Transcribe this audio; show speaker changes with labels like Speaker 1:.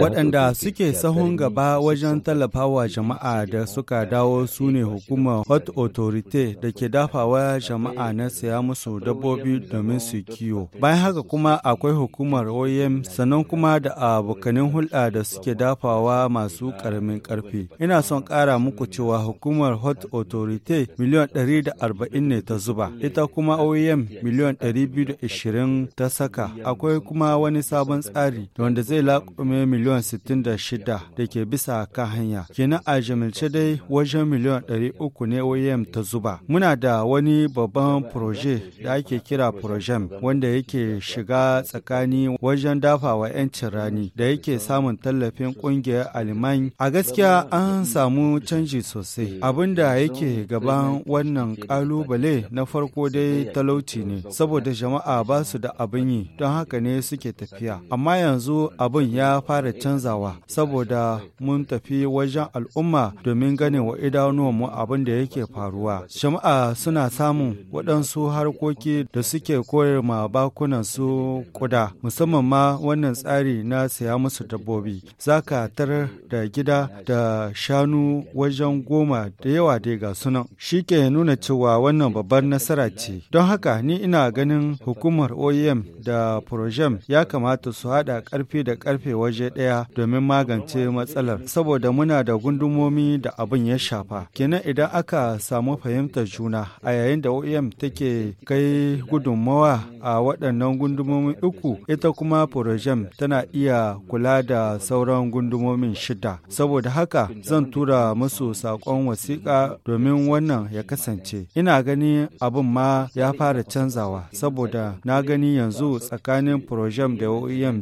Speaker 1: Waɗanda suke sahun gaba wajen tallafawa jama'a da suka dawo su ne hukumar Hot Authority da ke dafawa jama'a na saya musu dabbobi domin su kiwo. Bayan haka kuma akwai hukumar OEM sannan kuma da abokanin hulɗa da suke dafawa masu ƙaramin ƙarfi. Ina son ƙara muku cewa hukumar Hot Authority miliyon 140 ne ta zuba, ita kuma OEM e miliyon 220 ta saka. Akwai kuma wani sabon tsari wanda zai laƙume miliyan 66 da ke bisa kan hanya. Kenan a jimilce dai wajen miliyan 300 ne OEM ta zuba. Muna da wani babban proje da ake kira projem wanda yake shiga tsakani wajen dafawa 'yancin rani da yake samun tallafin ƙungiyar Aliman. A gaskiya an samu canji sosai. Abin da yake gaban wannan ƙalubale na farko dai talauci ne saboda jama'a ba su da abin yi don haka ne suke tafiya. Amma amma yanzu abun ya fara canzawa saboda mun tafi wajen al'umma domin ganin wa idanuwanmu abin da yake faruwa. Shama'a suna samun waɗansu harkoki da suke koyar ma bakunan su kuda, musamman ma wannan tsari na saya musu dabbobi. Za ka da gida da shanu wajen goma da yawa dai ga sunan. Shi ke nuna cewa wannan babbar nasara ce. Don haka ni ina ganin hukumar OEM da Projem ya kamata su haɗa ƙarfi da ƙarfe waje ɗaya domin magance matsalar saboda muna da gundumomi da abin ya shafa kenan idan aka samu fahimtar juna a yayin da oem take kai gudunmawa a waɗannan gundumomin uku ita kuma projem tana iya kula da sauran gundumomin shida saboda haka zan tura musu saƙon wasiƙa domin wannan ya kasance ina gani abin ma ya fara canzawa saboda na gani yanzu tsakanin projem da oem